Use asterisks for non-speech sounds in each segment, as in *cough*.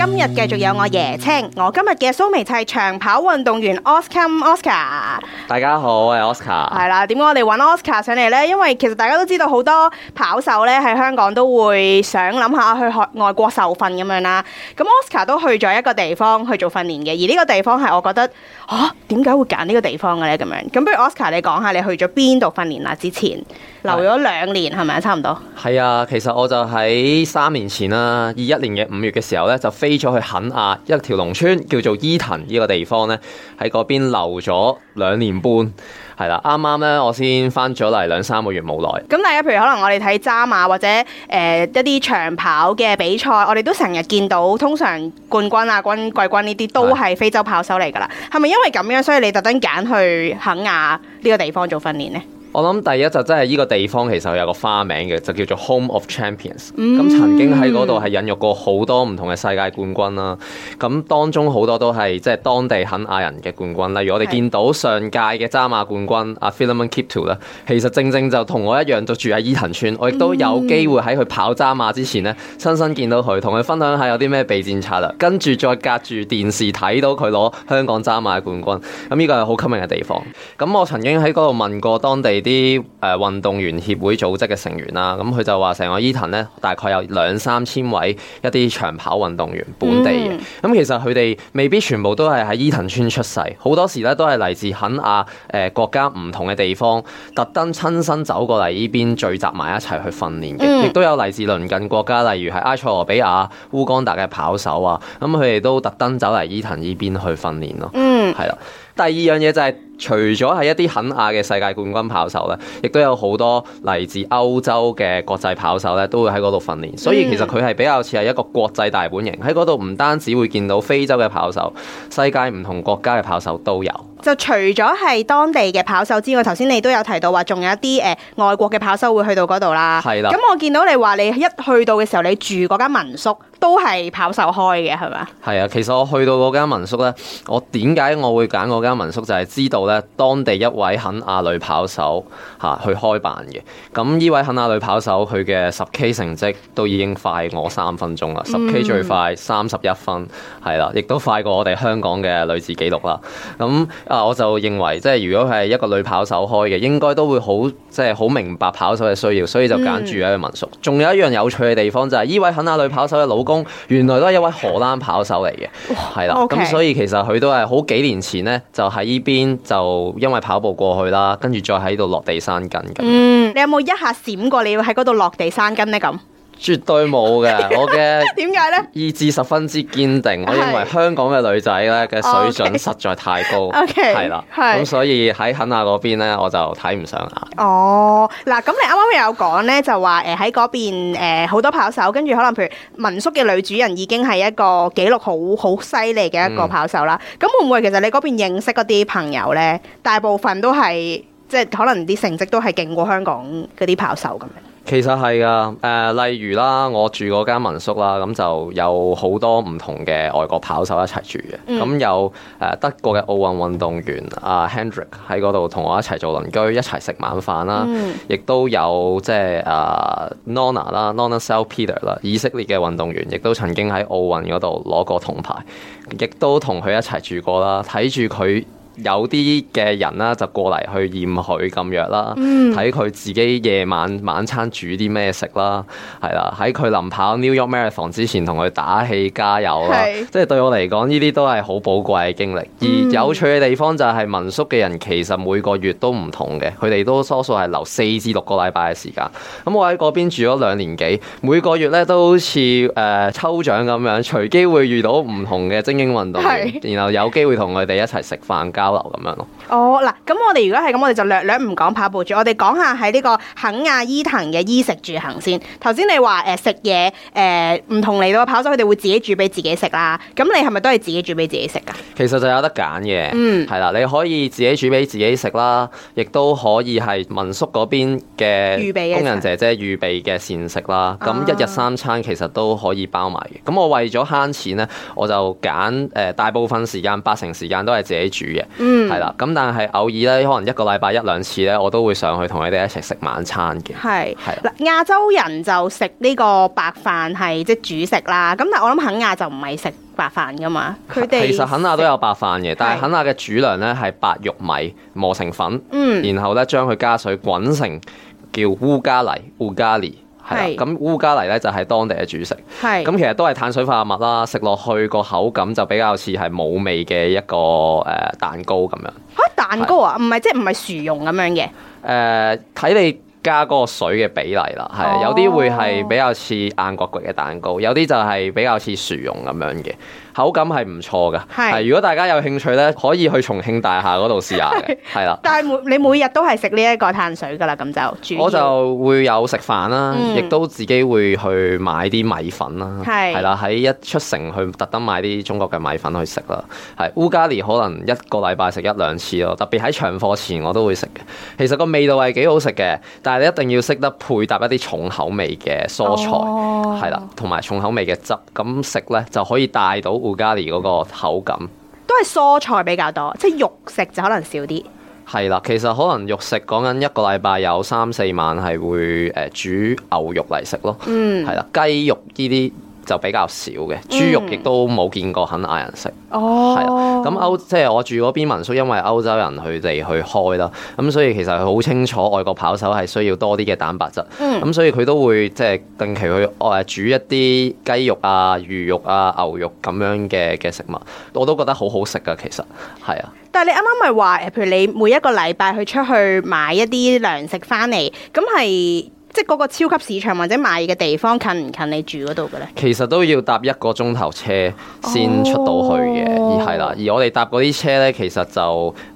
今日繼續有我椰青，我今日嘅蘇眉係長跑運動員 Oscar, Oscar。Oscar，大家好，我係 Oscar。係啦，點解我哋揾 Oscar 上嚟呢？因為其實大家都知道好多跑手呢喺香港都會想諗下去學外國受訓咁樣啦。咁 Oscar 都去咗一個地方去做訓練嘅，而呢個地方係我覺得，吓，點解會揀呢個地方嘅呢？咁樣咁，不如 Oscar 你講下你去咗邊度訓練啦？之前。留咗兩年係咪啊？差唔多係啊，其實我就喺三年前啦，二一年嘅五月嘅時候呢，就飛咗去肯亞一條農村叫做伊藤。呢個地方呢，喺嗰邊留咗兩年半，係啦、啊，啱啱呢，我先翻咗嚟兩三個月冇耐。咁大家譬如可能我哋睇渣馬或者誒、呃、一啲長跑嘅比賽，我哋都成日見到通常冠軍啊、亞軍、季軍呢啲都係非洲跑手嚟噶啦。係咪是因為咁樣，所以你特登揀去肯亞呢個地方做訓練呢？我諗第一就真係依個地方其實有個花名嘅，就叫做 Home of Champions、嗯。咁曾經喺嗰度係引入過好多唔同嘅世界冠軍啦。咁、嗯嗯、當中好多都係即係當地肯亞人嘅冠軍。例如我哋見到上屆嘅揸馬冠軍阿 Philemon Kiptoo 啦，的啊、to, 其實正正就同我一樣就住喺伊藤村。我亦都有機會喺佢跑揸馬之前呢，親、嗯、身，身見到佢，同佢分享下有啲咩備戰策略，跟住再隔住電視睇到佢攞香港揸馬嘅冠軍。咁、嗯、呢個係好吸引嘅地方。咁、嗯、我曾經喺嗰度問過當地啲誒運動員協會組織嘅成員啦，咁佢就話成個伊藤咧，大概有兩三千位一啲長跑運動員本地嘅，咁、嗯、其實佢哋未必全部都係喺伊藤村出世，好多時咧都係嚟自肯亞誒國家唔同嘅地方，特登親身走過嚟呢邊聚集埋一齊去訓練嘅，亦都、嗯、有嚟自鄰近國家，例如係埃塞俄比亞、烏干達嘅跑手啊，咁佢哋都特登走嚟伊藤呢邊去訓練咯，係啦、嗯。第二樣嘢就係、是、除咗係一啲肯亞嘅世界冠軍跑手咧，亦都有好多嚟自歐洲嘅國際跑手咧，都會喺度訓練，所以其實佢係比較似係一個國際大本營喺度，唔單止會見到非洲嘅跑手，世界唔同國家嘅跑手都有。就除咗係當地嘅跑手之外，頭先你都有提到話，仲有一啲誒、呃、外國嘅跑手會去到嗰度啦。係啦。咁我見到你話你一去到嘅時候，你住嗰間民宿都係跑手開嘅，係咪啊？係啊，其實我去到嗰間民宿咧，我點解我會揀嗰間民宿？就係知道咧，當地一位肯亞女跑手嚇、啊、去開辦嘅。咁呢位肯亞女跑手佢嘅十 K 成績都已經快我三分鐘啦，mm. 十 K 最快三十一分，係啦，亦都快過我哋香港嘅女子紀錄啦。咁啊！我就認為，即係如果係一個女跑手開嘅，應該都會好即係好明白跑手嘅需要，所以就揀住一個民宿。仲、嗯、有一樣有趣嘅地方就係、是，呢位肯亞女跑手嘅老公，原來都係一位荷蘭跑手嚟嘅，係啦。咁所以其實佢都係好幾年前呢，就喺呢邊就因為跑步過去啦，跟住再喺度落地生根。嗯，你有冇一下閃過你要喺嗰度落地生根呢？咁？絕對冇嘅，我嘅、點解呢、意志十分之堅定。我認為香港嘅女仔咧嘅水準實在太高。OK，係啦，咁所以喺肯亞嗰邊咧，我就睇唔上啦。哦，嗱，咁你啱啱有講咧，就話誒喺嗰邊呃、好多跑手，跟住可能譬如民宿嘅女主人已經係一個紀錄好好犀利嘅一個跑手啦。咁、嗯、會唔會其實你嗰邊認識嗰啲朋友咧，大部分都係即係可能啲成績都係勁過香港嗰啲跑手咁樣？其實係噶，誒、呃、例如啦，我住嗰間民宿啦，咁就有好多唔同嘅外國跑手一齊住嘅，咁、嗯、有誒、呃、德國嘅奧運運動員阿、啊、Hendrik d c 喺嗰度同我一齊做鄰居，一齊食晚飯啦，亦、嗯、都有即係阿 Nona 啦，Nona Salpeter 啦，呃、Nonna、Nonna Salpeter，以色列嘅運動員，亦都曾經喺奧運嗰度攞過銅牌，亦都同佢一齊住過啦，睇住佢。有啲嘅人啦，就過嚟去驗佢禁藥啦，睇佢自己夜晚晚餐煮啲咩食啦，係啦，喺佢臨跑 New York Marathon 之前同佢打氣加油啦，是即係對我嚟講呢啲都係好寶貴嘅經歷，而有趣嘅地方就係民宿嘅人其實每個月都唔同嘅，佢哋都多數係留四至六個禮拜嘅時間，咁我喺嗰邊住咗兩年幾，每個月咧都好似誒、呃、抽獎咁樣，隨機會遇到唔同嘅精英運動員，是然後有機會同佢哋一齊食飯。交流咁樣咯。哦，嗱，咁我哋如果係咁，我哋就略略唔講跑步住，我哋講下喺呢個肯亞伊藤嘅衣食住行先。頭先你話誒、呃、食嘢誒唔同嚟到跑手，佢哋會自己煮俾自己食啦。咁你係咪都係自己煮俾自己食㗎？其實就有得揀嘅，嗯，係啦，你可以自己煮俾自己食啦，亦都可以係民宿嗰邊嘅工人姐姐預備嘅膳食啦。咁一日三餐其實都可以包埋嘅。咁我為咗慳錢咧，我就揀誒、呃、大部分時間八成時間都係自己煮嘅。嗯，係啦，咁但係偶爾咧，可能一個禮拜一兩次咧，我都會上去同佢哋一齊食晚餐嘅。係係嗱，的亞洲人就食呢個白飯係即係主食啦，咁但係我諗肯亞就唔係食白飯㗎嘛？佢哋其實肯亞都有白飯嘅，的但係肯亞嘅主糧咧係白玉米磨成粉，嗯，然後咧將佢加水滾成叫烏加利，烏加利。係咁烏加利咧就係、是、當地嘅主食，咁的其實都係碳水化合物啦，食落去個口感就比較似係冇味嘅一個誒、呃、蛋糕咁樣。吓蛋糕啊？唔係即係唔係薯蓉咁樣嘅？誒，睇你加嗰個水嘅比例啦，係有啲會係比較似硬角焗嘅蛋糕，有啲就係比較似薯蓉咁樣嘅。口感係唔錯㗎，係是如果大家有興趣咧，可以去重慶大廈嗰度試下嘅，係啦 *laughs* 是。的但係每你每日都係食呢一個碳水㗎啦，咁就我就會有食飯啦，嗯、亦都自己會去買啲米粉啦，係係啦，喺一出城去特登買啲中國嘅米粉去食啦，係烏加利可能一個禮拜食一兩次咯，特別喺長課前我都會食嘅。其實個味道係幾好食嘅，但係你一定要識得配搭一啲重口味嘅蔬菜，係啦、哦，同埋重口味嘅汁，咁食咧就可以帶到。哦 *laughs* Ugali 嗰個口感都係蔬菜比較多，即係肉食就可能少啲。係啦，其實可能肉食講緊一個禮拜有三四晚係會誒、呃、煮牛肉嚟食咯。嗯，係啦，雞肉呢啲。就比較少嘅、嗯、豬肉，亦都冇見過肯嗌人食。哦，係啊，咁歐即係、就是、我住嗰邊民宿，因為歐洲人佢哋去開啦，咁所以其實佢好清楚外國跑手係需要多啲嘅蛋白質。咁、嗯、所以佢都會即係、就是、定期去煮一啲雞肉啊、魚肉啊、牛肉咁樣嘅嘅食物，我都覺得好好食噶。其實係啊，但係你啱啱咪話譬如你每一個禮拜去出去買一啲糧食翻嚟，咁係。即係嗰個超級市場或者賣嘅地方近唔近你住嗰度嘅咧？其實都要搭一個鐘頭車先出到去嘅，oh. 而係啦。而我哋搭嗰啲車咧，其實就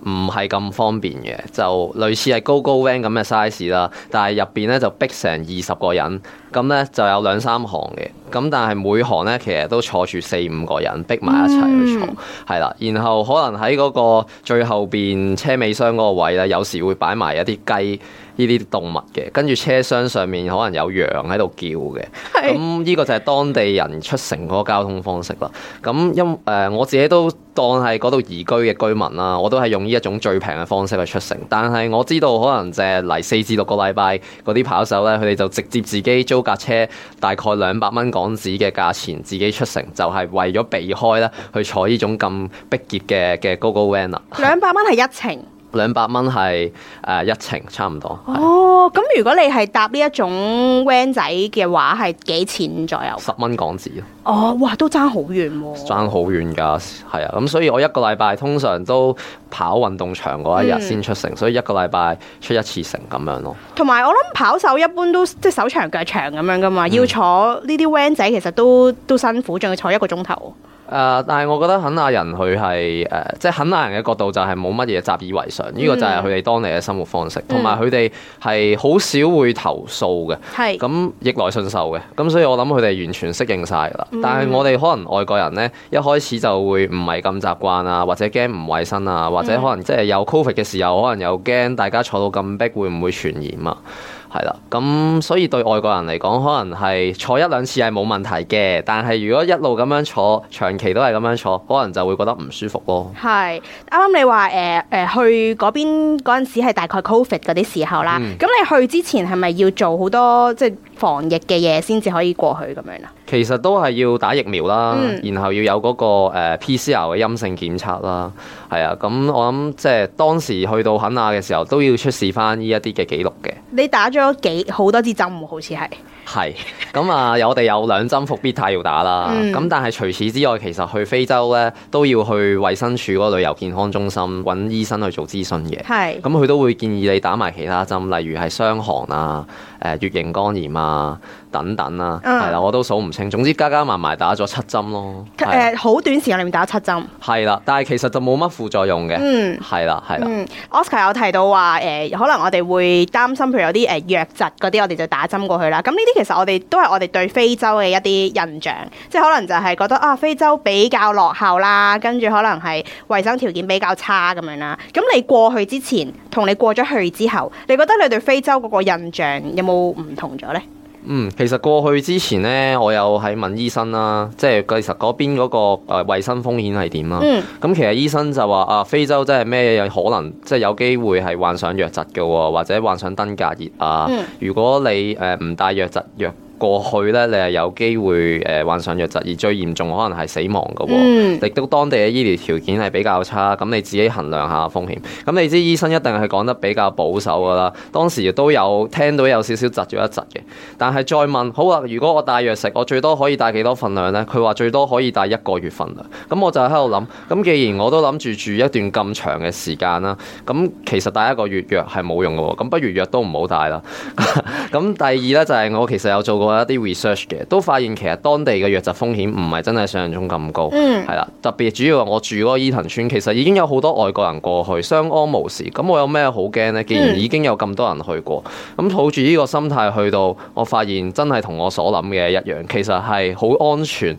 唔係咁方便嘅，就類似係 GoGoVan 咁嘅 size 啦。但係入邊咧就逼成二十個人，咁咧就有兩三行嘅。咁但係每行咧其實都坐住四五個人，逼埋一齊去坐，係啦、mm.。然後可能喺嗰個最後邊車尾箱嗰個位咧，有時會擺埋一啲雞。呢啲動物嘅，跟住車廂上面可能有羊喺度叫嘅。咁呢是個就係當地人出城嗰個交通方式啦。咁因為、呃、我自己都當係嗰度移居嘅居民啦，我都係用呢一種最平嘅方式去出城。但係我知道可能就嚟四至六個禮拜嗰啲跑手咧，佢哋就直接自己租架車，大概兩百蚊港紙嘅價錢自己出城，就係、是、為咗避開咧去坐呢種咁逼仄嘅嘅 Go Go Van 啦。兩百蚊係一程。兩百蚊係誒一程差唔多。哦，咁係、哦、如果你係搭呢一種 van 仔嘅話，係幾錢左右？十蚊港紙哦，哇，都爭好遠喎！爭好遠㗎，係啊，咁所以我一個禮拜通常都跑運動場嗰一日先出城，嗯、所以一個禮拜出一次城咁樣咯。同埋我諗跑手一般都即係手長腳長咁樣㗎嘛，嗯、要坐呢啲 van 仔其實都都辛苦，仲要坐一個鐘頭。誒、呃，但係我覺得肯亞人佢係誒，即係肯亞人嘅角度就係冇乜嘢習以為常，呢、嗯、個就係佢哋當地嘅生活方式，同埋佢哋係好少會投訴嘅，係咁逆來順受嘅，咁所以我諗佢哋完全適應曬啦。嗯、但係我哋可能外國人呢，一開始就會唔係咁習慣啊，或者驚唔衞生啊，或者可能即係有 Covid 嘅時候，可能又驚大家坐到咁逼，會唔會傳染啊？係啦，咁所以對外國人嚟講，可能係坐一兩次係冇問題嘅，但係如果一路咁樣坐，長期都係咁樣坐，可能就會覺得唔舒服咯。係，啱啱你話誒誒去嗰邊嗰陣時係大概 Covid 嗰啲時候啦，咁、嗯、你去之前係咪要做好多即係？防疫嘅嘢先至可以過去咁樣啦，其實都係要打疫苗啦，嗯、然後要有嗰個誒 PCR 嘅陰性檢測啦，係啊，咁我諗即係當時去到肯亞嘅時候都要出示翻呢一啲嘅記錄嘅。你打咗幾好多支針，好似係。係，咁啊，我哋有兩針伏必泰要打啦。咁、嗯、但係除此之外，其實去非洲咧都要去衛生署嗰個旅遊健康中心揾醫生去做諮詢嘅。係是，咁佢都會建議你打埋其他針，例如係傷寒啊、誒、呃、乙型肝炎啊。等等啦、啊，係啦、嗯，我都數唔清。總之加加埋埋打咗七針咯。誒，好、呃、短時間裏面打七針係啦，但係其實就冇乜副作用嘅，係啦、嗯，係啦、嗯。Oscar 有提到話誒、呃，可能我哋會擔心，譬如有啲誒、呃、瘧疾嗰啲，我哋就打針過去啦。咁呢啲其實我哋都係我哋對非洲嘅一啲印象，即係可能就係覺得啊，非洲比較落後啦，跟住可能係衞生條件比較差咁樣啦。咁你過去之前同你過咗去之後，你覺得你對非洲嗰個印象有冇唔同咗咧？嗯，其實過去之前咧，我有喺問醫生啦、啊，即係其實嗰邊嗰個誒衞生風險係點啦。嗯，咁其實醫生就話啊，非洲真係咩有可能即係有機會係患上瘧疾嘅喎，或者患上登革熱啊。嗯、如果你誒唔、呃、帶瘧疾藥，過去咧，你係有機會誒患上瘧疾，而最嚴重可能係死亡嘅喎、哦。亦都、嗯、當地嘅醫療條件係比較差，咁你自己衡量下風險。咁你知醫生一定係講得比較保守㗎啦。當時亦都有聽到有少少窒咗一窒嘅，但係再問好啊，如果我帶藥食，我最多可以帶幾多份量呢？」佢話最多可以帶一個月份量。咁我就喺度諗，咁既然我都諗住住一段咁長嘅時間啦，咁其實帶一個月藥係冇用嘅喎。咁不如藥都唔好帶啦。咁 *laughs* 第二咧就係、是、我其實有做過。一啲 research 嘅都發現其實當地嘅瘧疾風險唔係真係想象中咁高，係啦、嗯。特別主要我住嗰個伊藤村，其實已經有好多外國人過去，相安無事。咁我有咩好驚咧？既然已經有咁多人去過，咁抱住呢個心態去到，我發現真係同我所諗嘅一樣，其實係好安全。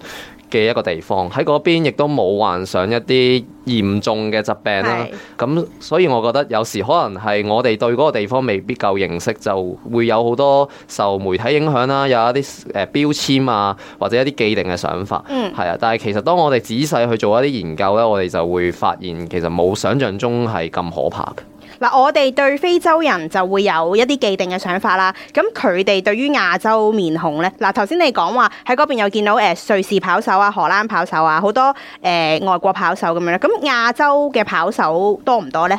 嘅一個地方喺嗰邊，亦都冇患上一啲嚴重嘅疾病啦、啊。咁是所以，我覺得有時可能係我哋對嗰個地方未必夠認識，就會有好多受媒體影響啦、啊，有一啲誒標籤啊，或者一啲既定嘅想法，嗯，係啊。但係其實當我哋仔細去做一啲研究咧，我哋就會發現其實冇想象中係咁可怕嘅。嗱，我哋對非洲人就會有一啲既定嘅想法啦。咁佢哋對於亞洲面孔呢？嗱，頭先你講話喺嗰邊又見到誒、呃、瑞士跑手啊、荷蘭跑手啊，好多誒、呃、外國跑手咁樣咧。咁亞洲嘅跑手多唔多呢？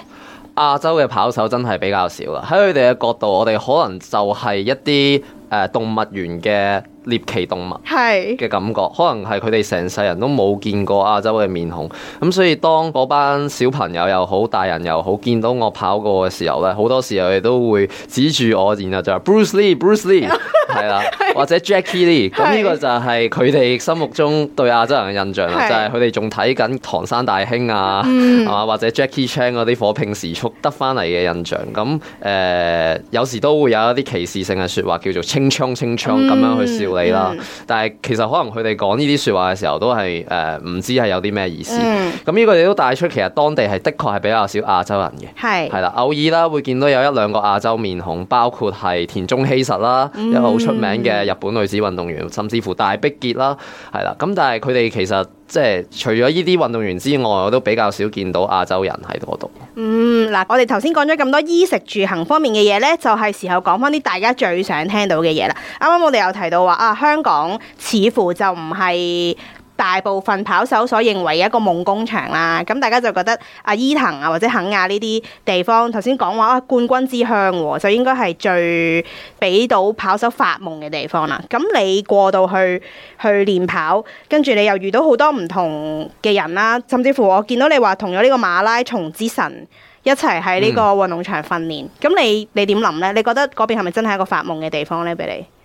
亞洲嘅跑手真係比較少啦。喺佢哋嘅角度，我哋可能就係一啲誒、呃、動物園嘅。獵奇動物嘅感覺，是可能係佢哋成世人都冇見過亞洲嘅面孔，咁所以當嗰班小朋友又好，大人又好，見到我跑過嘅時候咧，好多時候佢哋都會指住我，然後就話 Bruce Lee，Bruce Lee。 *laughs* 係啦，或者 Jackie Lee，咁呢個就係佢哋心目中對亞洲人嘅印象啦，的就係佢哋仲睇緊《唐山大兄》啊，係嘛、嗯，或者 Jackie Chan 嗰啲火拼時速得翻嚟嘅印象。咁誒、呃，有時都會有一啲歧視性嘅說話，叫做清昌清昌咁樣去笑你啦。嗯嗯、但係其實可能佢哋講呢啲說話嘅時候都，都係誒唔知係有啲咩意思。咁呢、嗯、個亦都帶出，其實當地係的確係比較少亞洲人嘅，係係的啦，偶爾啦會見到有一兩個亞洲面孔，包括係田中希實啦，嗯嗯出名嘅日本女子運動員，甚至乎大迫傑啦，係啦。咁但係佢哋其實即係除咗依啲運動員之外，我都比較少見到亞洲人喺嗰度。嗯，嗱，我哋頭先講咗咁多衣食住行方面嘅嘢呢，就係時候講翻啲大家最想聽到嘅嘢啦。啱啱我哋有提到話啊，香港似乎就唔係，大部分跑手所認為一個夢工場啦，咁大家就覺得阿伊藤啊或者肯亞呢啲地方，頭先講話、啊、冠軍之鄉、啊，就應該係最俾到跑手發夢嘅地方啦。咁你過到去去練跑，跟住你又遇到好多唔同嘅人啦，甚至乎我見到你話同咗呢個馬拉松之神一齊喺呢個運動場訓練，咁、嗯、你你點諗呢？你覺得嗰邊係咪真係一個發夢嘅地方呢？俾你。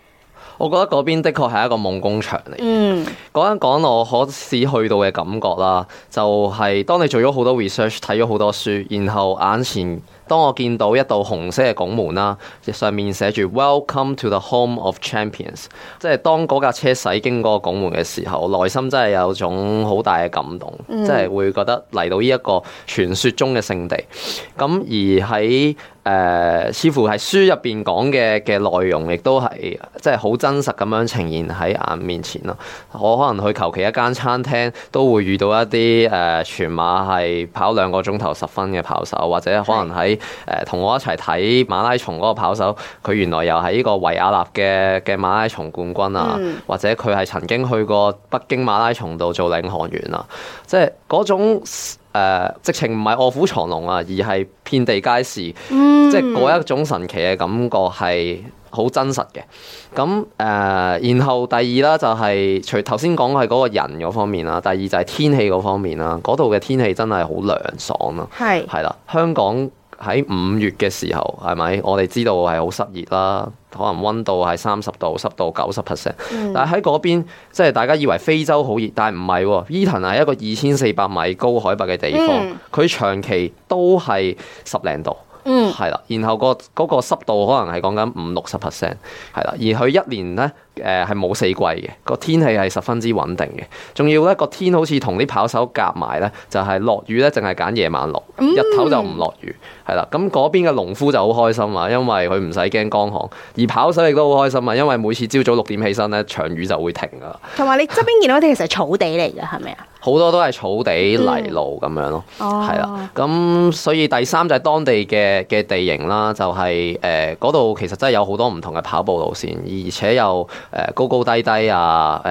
我覺得嗰邊的確係一個夢工場嚟。嗯，講緊講我可試去到嘅感覺啦，就係當你做咗好多 research，睇咗好多書，然後眼前。當我見到一道紅色嘅拱門啦、啊，上面寫住 Welcome to the Home of Champions，即係當嗰架車駛經嗰個拱門嘅時候，內心真係有種好大嘅感動，嗯、即係會覺得嚟到呢一個傳説中嘅聖地。咁而喺誒、呃，似乎係書入邊講嘅嘅內容，亦都係即係好真實咁樣呈現喺眼面前咯。我可能去求其一間餐廳，都會遇到一啲誒全馬係跑兩個鐘頭十分嘅跑手，或者可能喺誒，同、呃、我一齊睇馬拉松嗰個跑手，佢原來又係呢個維也納嘅嘅馬拉松冠軍啊，嗯、或者佢係曾經去過北京馬拉松度做領航員啊，即係嗰種誒、呃、直情唔係卧虎藏龍啊，而係遍地皆、嗯、是，即係嗰一種神奇嘅感覺係好真實嘅。咁誒、呃，然後第二啦、就是，就係除頭先講嘅係嗰個人嗰方面啦、啊，第二就係天氣嗰方面啦、啊，嗰度嘅天氣真係好涼爽啊，係係啦，香港。喺五月嘅時候，係咪我哋知道係好濕熱啦？可能溫度係三十度，濕度九十 percent。但係喺嗰邊，即係大家以為非洲好熱，但係唔係喎。伊藤係一個二千四百米高海拔嘅地方，佢長期都係十零度，係啦。然後個嗰個濕度可能係講緊五六十 percent，係啦。而佢一年咧。誒係冇四季嘅，個天氣係十分之穩定嘅，仲要咧個天好似同啲跑手夾埋咧，就係、是、落雨咧，淨係揀夜晚落，日頭、嗯、就唔落雨，係啦。咁嗰邊嘅農夫就好開心啊，因為佢唔使驚乾旱，而跑手亦都好開心啊，因為每次朝早六點起身咧，場雨就會停噶啦。同埋你側邊見到啲其實係草地嚟嘅，係咪啊？好多都係草地泥路咁、嗯、樣咯，係啦、哦。咁所以第三就係當地嘅嘅地形啦，就係誒嗰度其實真係有好多唔同嘅跑步路線，而且又。誒高高低低啊！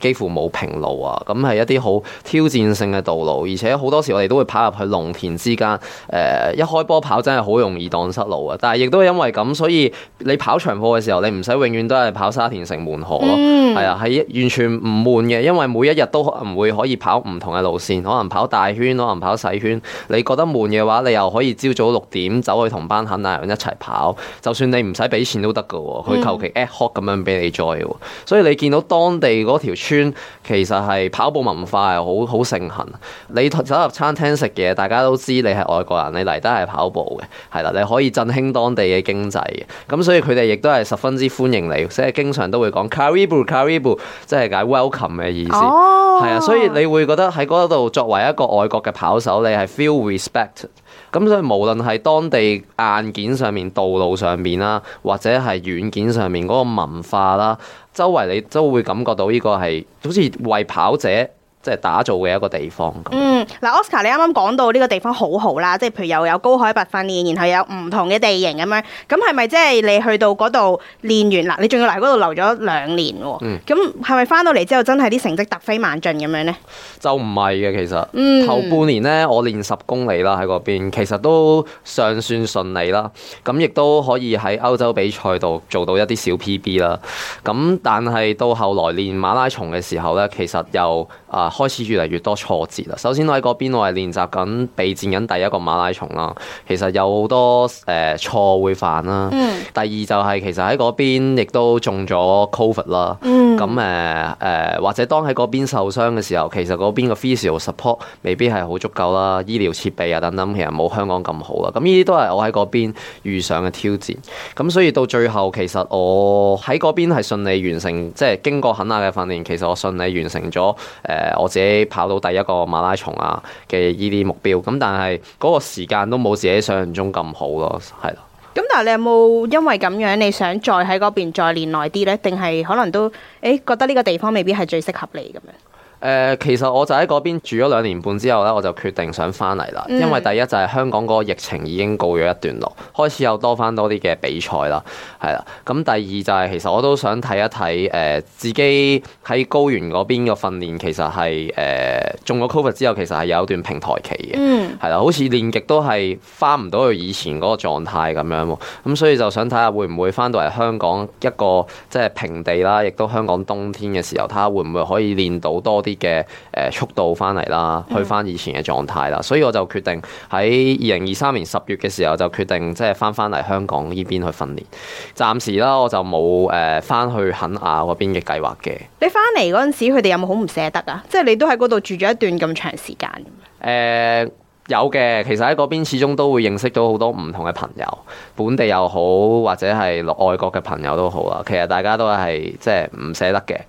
誒幾乎冇平路啊！咁係一啲好挑戰性嘅道路，而且好多時我哋都會跑入去農田之間。誒、呃、一開波跑真係好容易蕩失路啊！但係亦都因為咁，所以你跑長跑嘅時候，你唔使永遠都係跑沙田城門河咯，係、嗯、啊，係完全唔悶嘅，因為每一日都唔會可以跑唔同嘅路線，可能跑大圈，可能跑細圈。你覺得悶嘅話，你又可以朝早六點走去同班肯亞人一齊跑，就算你唔使俾錢都得㗎喎，佢求其 ad hoc 咁樣俾你做。嗯嗯。所以你見到當地嗰條村其實係跑步文化係好好盛行。你走入餐廳食嘢，大家都知你係外國人，你嚟得係跑步嘅，係啦，你可以振興當地嘅經濟嘅。咁所以佢哋亦都係十分之歡迎你，即係經常都會講 Karibu, Karibu，即係解 welcome 嘅意思。Oh. 係啊，所以你會覺得喺嗰度作為一個外國嘅跑手，你係 feel respect。咁所以無論係當地硬件上面、道路上面啦，或者係軟件上面嗰個文化啦，周圍你都會感覺到呢個係好似為跑者。即係打造嘅一個地方，嗯。嗯，嗱，Oscar，你啱啱講到呢個地方好好啦，即係譬如又有高海拔訓練，然後有唔同嘅地形咁樣。咁係咪即係你去到嗰度練完啦？你仲要嚟嗰度留咗兩年喎、嗯嗯。嗯。咁係咪翻到嚟之後真係啲成績突飛猛進咁樣呢？就唔係嘅，其實頭半年呢，我練十公里啦喺嗰邊，其實都尚算順利啦。咁亦都可以喺歐洲比賽度做到一啲小 PB 啦。咁但係到後來練馬拉松嘅時候呢，其實又、呃、啊～開始越嚟越多挫折啦。首先我喺嗰邊，我係練習緊備戰緊第一個馬拉松啦。其實有好多誒、呃、錯會犯啦。嗯、第二就係其實喺嗰邊亦都中咗 COVID 啦。咁誒誒或者當喺嗰邊受傷嘅時候，其實嗰邊嘅 physical support 未必係好足夠啦。醫療設備啊等等，其實冇香港咁好啦。咁呢啲都係我喺嗰邊遇上嘅挑戰。咁所以到最後其實我喺嗰邊係順利完成，即係經過肯亞嘅訓練，其實我順利完成咗誒。呃我自己跑到第一個馬拉松啊嘅呢啲目標，咁但係嗰個時間都冇自己想象中咁好咯，係咯。咁但係你有冇因為咁樣，你想再喺嗰邊再練耐啲呢？定係可能都誒、欸、覺得呢個地方未必係最適合你咁樣？誒、呃，其實我就喺嗰邊住咗兩年半之後咧，我就決定想翻嚟啦。因為第一就係香港個疫情已經告咗一段落，開始有多翻多啲嘅比賽啦，係啦。咁、嗯、第二就係、是、其實我都想睇一睇誒、呃、自己喺高原嗰邊嘅訓練其實係誒、呃、中咗 COVID 之後其實係有一段平台期嘅，係啦、嗯。好似練極都係翻唔到去以前嗰個狀態咁樣，喎、嗯。咁所以就想睇下會唔會翻到嚟香港一個即係平地啦，亦都香港冬天嘅時候，睇下會唔會可以練到多啲。嘅誒速度翻嚟啦，去翻以前嘅狀態啦，所以我就決定喺二零二三年十月嘅時候就決定即係翻翻嚟香港呢邊去訓練。暫時啦，我就冇誒翻去肯亞嗰邊嘅計劃嘅。你翻嚟嗰陣時，佢哋有冇好唔捨得啊？即係你都喺嗰度住咗一段咁長時間。誒、呃。有嘅，其實喺嗰邊始終都會認識到好多唔同嘅朋友，本地又好或者係外國嘅朋友都好喇。其實大家都係即係唔捨得嘅，誒、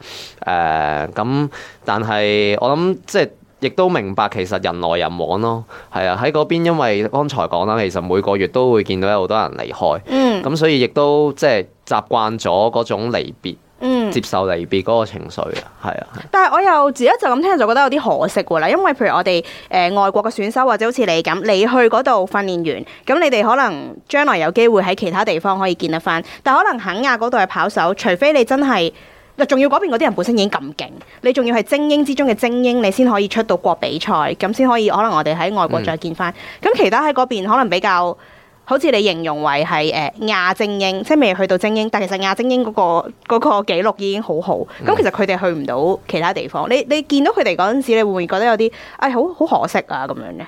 呃、咁。但係我諗即係亦都明白，其實人來人往咯，係啊喺嗰邊，邊因為剛才講啦，其實每個月都會見到有好多人離開，咁、嗯、所以亦都即係習慣咗嗰種離別。接受離別嗰個情緒啊，係啊！但係我又自一就咁聽就覺得有啲可惜喎啦，因為譬如我哋誒、呃、外國嘅選手或者好似你咁，你去嗰度訓練完，咁你哋可能將來有機會喺其他地方可以見得翻，但可能肯亞嗰度嘅跑手，除非你真係，仲要嗰邊嗰啲人本身已經咁勁，你仲要係精英之中嘅精英，你先可以出到國比賽，咁先可以可能我哋喺外國再見翻，咁、嗯、其他喺嗰邊可能比較。好似你形容為係誒亞精英，即係未去到精英，但其實亞精英嗰個嗰個記錄已經好好。咁其實佢哋去唔到其他地方，你你見到佢哋嗰陣時，你會唔會覺得有啲誒好好可惜啊咁樣呢？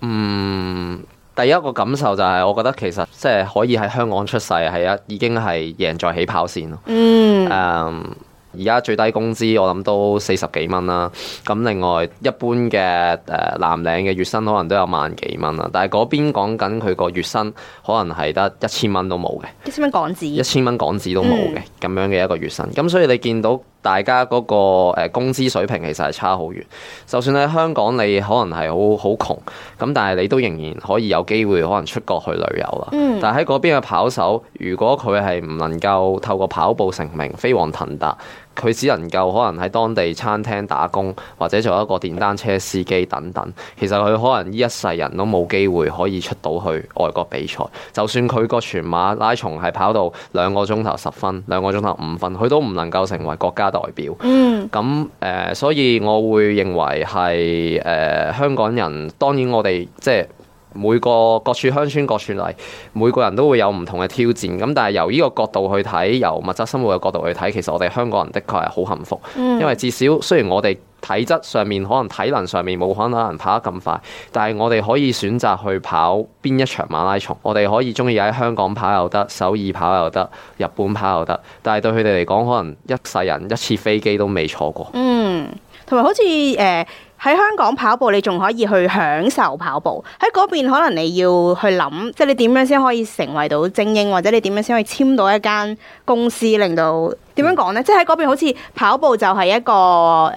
嗯，第一個感受就係，我覺得其實即係可以喺香港出世係一已經係贏在起跑線咯。嗯。Um, 而家最低工資我諗都四十幾蚊啦，咁另外一般嘅誒、呃、藍領嘅月薪可能都有萬幾蚊啦，但係嗰邊講緊佢個月薪可能係得一千蚊都冇嘅，一千蚊港紙，一千蚊港紙都冇嘅咁樣嘅一個月薪，咁所以你見到大家嗰個工資水平其實係差好遠，就算喺香港你可能係好好窮，咁但係你都仍然可以有機會可能出國去旅遊啦，嗯、但係喺嗰邊嘅跑手，如果佢係唔能夠透過跑步成名飛黃騰達。佢只能夠可能喺當地餐廳打工，或者做一個電單車司機等等。其實佢可能呢一世人都冇機會可以出到去外國比賽。就算佢個全馬拉松係跑到兩個鐘頭十分，兩個鐘頭五分，佢都唔能夠成為國家代表。Mm. 嗯。咁誒，所以我會認為係誒、呃、香港人，當然我哋即係。每個各處鄉村各處嚟，每個人都會有唔同嘅挑戰。咁但係由呢個角度去睇，由物質生活嘅角度去睇，其實我哋香港人的確係好幸福，因為至少雖然我哋體質上面可能體能上面冇可能跑得咁快，但係我哋可以選擇去跑邊一場馬拉松。我哋可以鍾意喺香港跑又得，首爾跑又得，日本跑又得。但係對佢哋嚟講，可能一世人一次飛機都未坐過。嗯，同埋好似誒。呃喺香港跑步，你仲可以去享受跑步。喺嗰邊可能你要去諗，即係你點樣先可以成為到精英，或者你點樣先可以簽到一間公司，令到點樣講咧？嗯、即係喺嗰邊好似跑步就係一個誒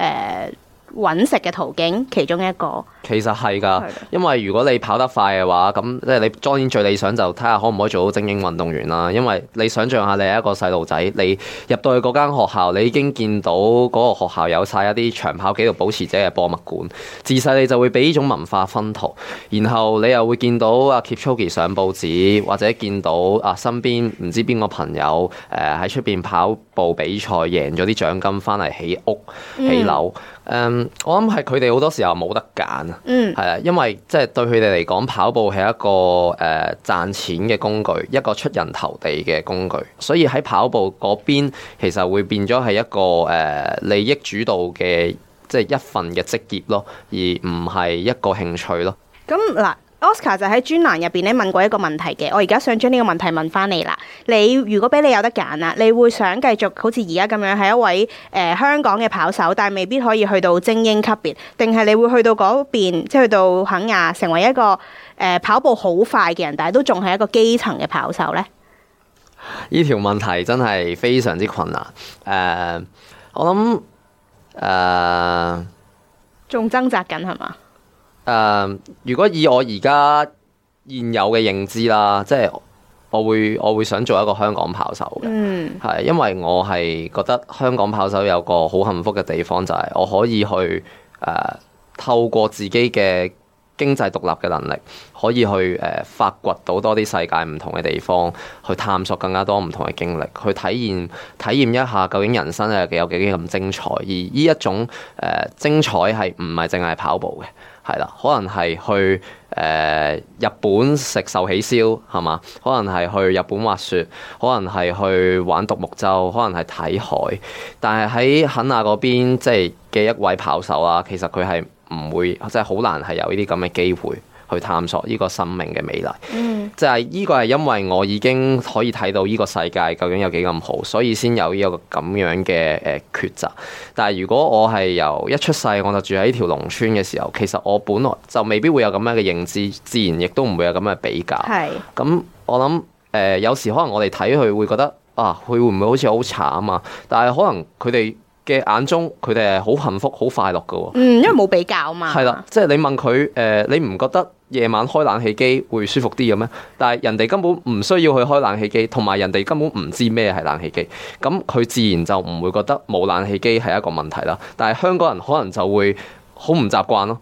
揾食嘅途徑，其中一個。其實係㗎，因為如果你跑得快嘅話，咁即係你當然最理想就睇下可唔可以做到精英運動員啦。因為你想象下你，你係一個細路仔，你入到去嗰間學校，你已經見到嗰個學校有晒一啲長跑紀錄保持者嘅博物館。自細你就會俾呢種文化薰陶，然後你又會見到阿 Kipchoge 上報紙，或者見到啊身邊唔知邊個朋友誒喺出邊跑步比賽贏咗啲獎金翻嚟起屋起樓。嗯，mm. um, 我諗係佢哋好多時候冇得揀。嗯，係啊，因為即係對佢哋嚟講，跑步係一個誒、呃、賺錢嘅工具，一個出人頭地嘅工具，所以喺跑步嗰邊其實會變咗係一個誒、呃、利益主導嘅即係一份嘅職業咯，而唔係一個興趣咯。咁嗱、嗯。Oscar 就喺專欄入邊咧問過一個問題嘅，我而家想將呢個問題問翻你啦。你如果俾你有得揀啦，你會想繼續好似而家咁樣係一位誒、呃、香港嘅跑手，但係未必可以去到精英級別，定係你會去到嗰邊即係去到肯亞成為一個誒、呃、跑步好快嘅人，但係都仲係一個基層嘅跑手呢？呢條問題真係非常之困難。誒、呃，我諗誒仲掙扎緊係咪？誒，uh, 如果以我而家現有嘅認知啦，即係我會我會想做一個香港跑手嘅，係、mm. 因為我係覺得香港跑手有個好幸福嘅地方，就係、是、我可以去誒、uh, 透過自己嘅經濟獨立嘅能力，可以去誒、uh, 發掘到多啲世界唔同嘅地方，去探索更加多唔同嘅經歷，去體驗體驗一下究竟人生係有幾咁精彩。而呢一種誒、uh, 精彩係唔係淨係跑步嘅？係啦，可能係去誒、呃、日本食壽喜燒係嘛？可能係去日本滑雪，可能係去玩獨木舟，可能係睇海。但係喺肯亞嗰邊，即係嘅一位跑手啊，其實佢係唔會即係好難係有呢啲咁嘅機會。去探索呢個生命嘅美麗，就係呢個係因為我已經可以睇到呢個世界究竟有幾咁好，所以先有呢個咁樣嘅誒抉擇。但係如果我係由一出世我就住喺呢條農村嘅時候，其實我本來就未必會有咁樣嘅認知，自然亦都唔會有咁嘅比較。係。係、呃、咁，我諗誒有時可能我哋睇佢會覺得啊，佢會唔會好似好慘啊？但係可能佢哋嘅眼中，佢哋係好幸福、好快樂嘅喎、啊。嗯，因為冇比較啊嘛。係啦，即、就、係、是、你問佢誒、呃，你唔覺得？夜晚開冷氣機會舒服啲嘅咩？但係人哋根本唔需要去開冷氣機，同埋人哋根本唔知咩係冷氣機，咁佢自然就唔會覺得冇冷氣機係一個問題啦。但係香港人可能就會好唔習慣囉。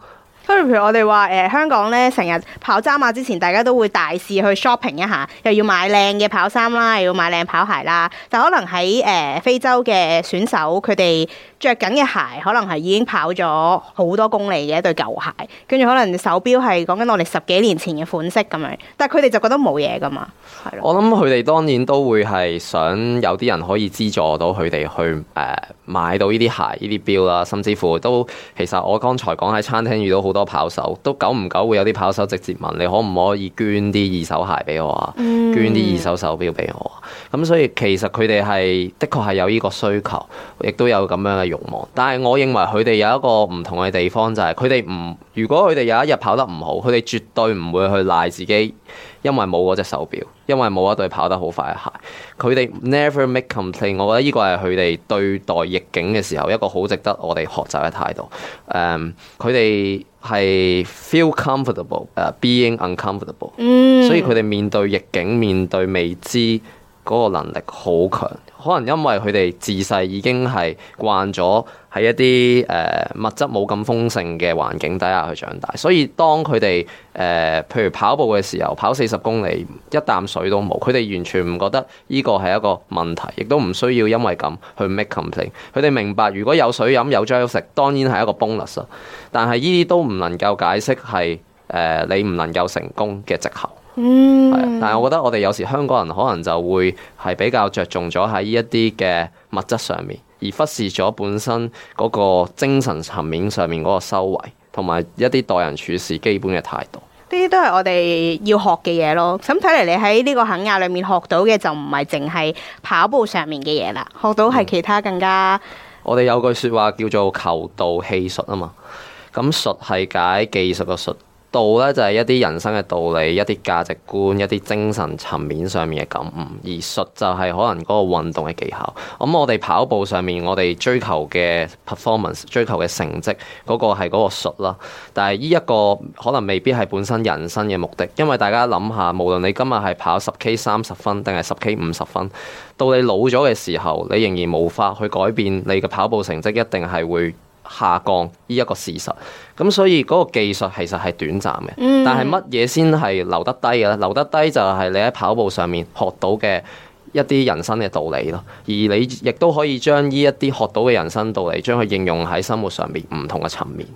譬如我哋話誒香港咧，成日跑渣馬之前，大家都會大肆去 shopping 一下，又要買靚嘅跑衫啦，又要買靚跑鞋啦。但可能喺誒、呃、非洲嘅選手，佢哋着緊嘅鞋可能係已經跑咗好多公里嘅一對舊鞋，跟住可能手錶係講緊我哋十幾年前嘅款式咁樣。但佢哋就覺得冇嘢噶嘛。係咯，我諗佢哋當然都會係想有啲人可以資助到佢哋去誒。呃買到呢啲鞋、呢啲表啦，甚至乎都，其實我剛才講，喺餐廳遇到好多跑手，都久唔久會有啲跑手直接問你可唔可以捐啲二手鞋俾我啊？嗯、捐啲二手手表俾我啊？咁所以其實佢哋係的確係有呢個需求，亦都有咁樣嘅慾望。但係我認為佢哋有一個唔同嘅地方就係佢哋唔如果佢哋有一日跑得唔好，佢哋絕對唔會去賴自己。因為冇嗰隻手錶，因為冇一對跑得好快嘅鞋，佢哋 never make complaint，我覺得呢個係佢哋對待逆境嘅時候一個好值得我哋學習嘅態度。誒、um，佢哋係 feel comfortable 誒、uh，being uncomfortable。Mm. 所以佢哋面對逆境、面對未知嗰個能力好強。可能因為佢哋自細已經係慣咗喺一啲誒、呃、物質冇咁豐盛嘅環境底下去長大，所以當佢哋誒譬如跑步嘅時候，跑四十公里一啖水都冇，佢哋完全唔覺得呢個係一個問題，亦都唔需要因為咁去 make complaint。佢哋明白如果有水飲有粥食，當然係一個 bonus 啦。但係呢啲都唔能夠解釋係誒、呃、你唔能夠成功嘅藉口。嗯，但係我覺得我哋有時香港人可能就會係比較着重咗喺呢一啲嘅物質上面，而忽視咗本身嗰個精神層面上面嗰個修為，同埋一啲待人處事基本嘅態度。呢啲都係我哋要學嘅嘢咯。咁睇嚟你喺呢個肯亞裏面學到嘅就唔係淨係跑步上面嘅嘢啦，學到係其他更加。嗯，我哋有句說話叫做求道棄術啊嘛，咁術係解技術嘅術。道咧就係、係、一啲人生嘅道理，一啲價值觀，一啲精神層面上面嘅感悟；而術就係可能嗰個運動嘅技巧。咁、嗯、我哋跑步上面，我哋追求嘅 performance，追求嘅成績嗰、嗰個係嗰個術啦。但係呢一個可能未必係本身人生嘅目的，因為大家諗下，無論你今日係跑十 k 三十分定係十 k 五十分，到你老咗嘅時候，你仍然無法去改變你嘅跑步成績一定係會下降呢一個事實，咁所以嗰個技術其實係短暫嘅，但係乜嘢先係留得低嘅咧？留得低就係你喺跑步上面學到嘅一啲人生嘅道理咯，而你亦都可以將呢一啲學到嘅人生道理，將佢應用喺生活上面唔同嘅層面。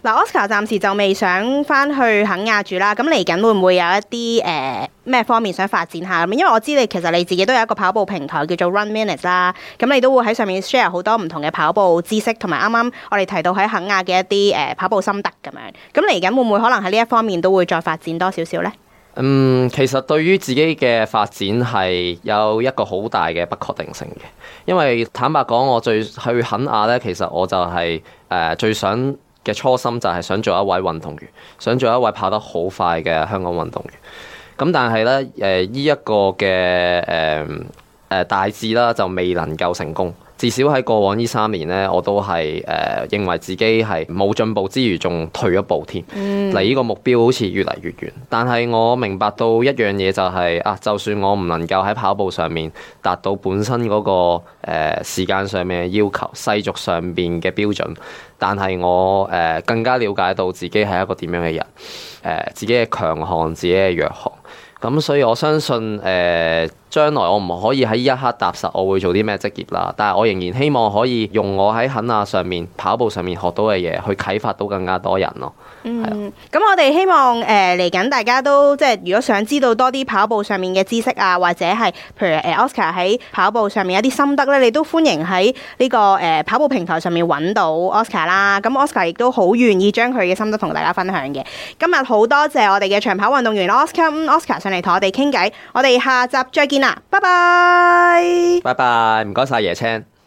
嗱，Oscar 暫時就未想翻去肯亞住啦。咁嚟緊會唔會有一啲誒咩方面想發展下？咁因為我知你其實你自己都有一個跑步平台叫做 Run Minutes 啦。咁你都會喺上面 share 好多唔同嘅跑步知識，同埋啱啱我哋提到喺肯亞嘅一啲誒跑步心得咁樣。咁嚟緊會唔會可能喺呢一方面都會再發展多少少呢？嗯，其實對於自己嘅發展係有一個好大嘅不確定性嘅。因為坦白講，我最去肯亞呢，其實我就係、是、誒、呃、最想。嘅初心就係想做一位運動員，想做一位跑得好快嘅香港運動員。咁但係咧，誒、呃、呢一個嘅誒誒大志啦，就未能夠成功。至少喺過往呢三年呢，我都係誒、呃、認為自己係冇進步之餘，仲退一步添。離、嗯，呢個目標好似越嚟越遠。但係我明白到一樣嘢就係、是、啊，就算我唔能夠喺跑步上面達到本身嗰、那個誒、呃、時間上面嘅要求、世俗上邊嘅標準，但係我誒、呃、更加了解到自己係一個點樣嘅人，誒、呃、自己嘅強項、自己嘅弱項。咁所以我相信誒、呃將來我唔可以喺一刻踏實，我會做啲咩職業啦？但係我仍然希望可以用我喺肯亞上面跑步上面學到嘅嘢，去啟發到更加多人咯。嗯，咁我哋希望誒嚟緊大家都即係如果想知道多啲跑步上面嘅知識啊，或者係譬如、呃、Oscar 喺跑步上面一啲心得咧，你都歡迎喺呢、這個誒、呃、跑步平台上面揾到 Oscar 啦。咁、嗯、Oscar 亦都好願意將佢嘅心得同大家分享嘅。今日好多謝我哋嘅長跑運動員 Oscar，Oscar、嗯、上嚟同我哋傾偈。我哋下集再見。拜拜，拜拜，唔該晒椰青。